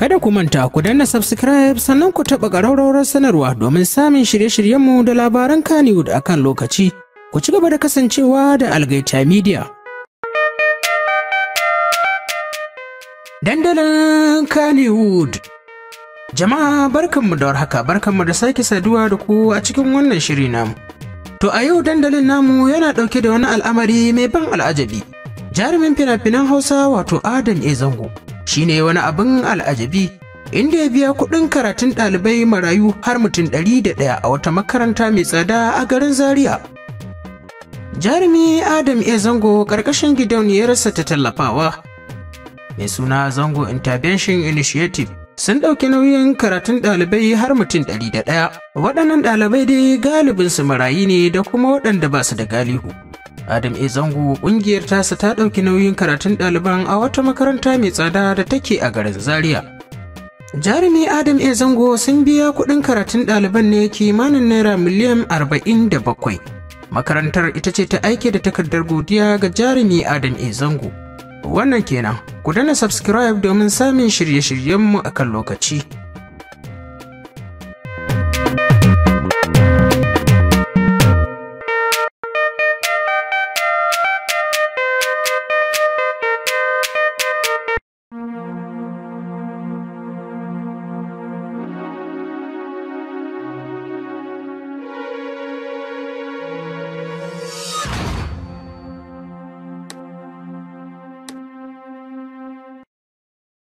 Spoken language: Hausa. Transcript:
Kada ku manta ku danna subscribe sannan ku taɓa ƙararrawar sanarwa domin samun shirye-shiryenmu da labaran Kannywood a kan lokaci. Ku ci gaba da kasancewa da Algaita Media. Dandalin Kannywood Jama'a barkanmu da warhaka barkanmu da sake saduwa da ku a cikin wannan shiri namu. To a yau dandalin namu yana dauke da wani al'amari mai ban al'ajabi. Jarumin fina-finan Hausa wato Adam ezango Shi ne wani abin al'ajabi inda ya biya kuɗin karatun ɗalibai marayu har mutum ɗari da ɗaya a wata makaranta mai tsada a garin Zaria. Jarumi Adam E. Zango ƙarƙashin gidauniyarsa ta tallafawa mai suna Zango Intervention Initiative sun ɗauki nauyin karatun ɗalibai har mutum ɗari da ɗaya waɗannan ɗalibai dai galibinsu marayu ne da kuma waɗanda ba su da galihu. Adam A Zangu ƙungiyar tasa ta ɗauki nauyin karatun ɗaliban a wata makaranta mai tsada da take a garin Zaria. Jarumi Adam A Zango sun biya kuɗin karatun ɗaliban ne kimanin naira miliyan arba'in da bakwai. Makarantar ita ce ta aike da takardar godiya ga jarumi Adam A Zango. Wannan kenan, ku dana subscribe domin samun shirye-shiryenmu a kan lokaci.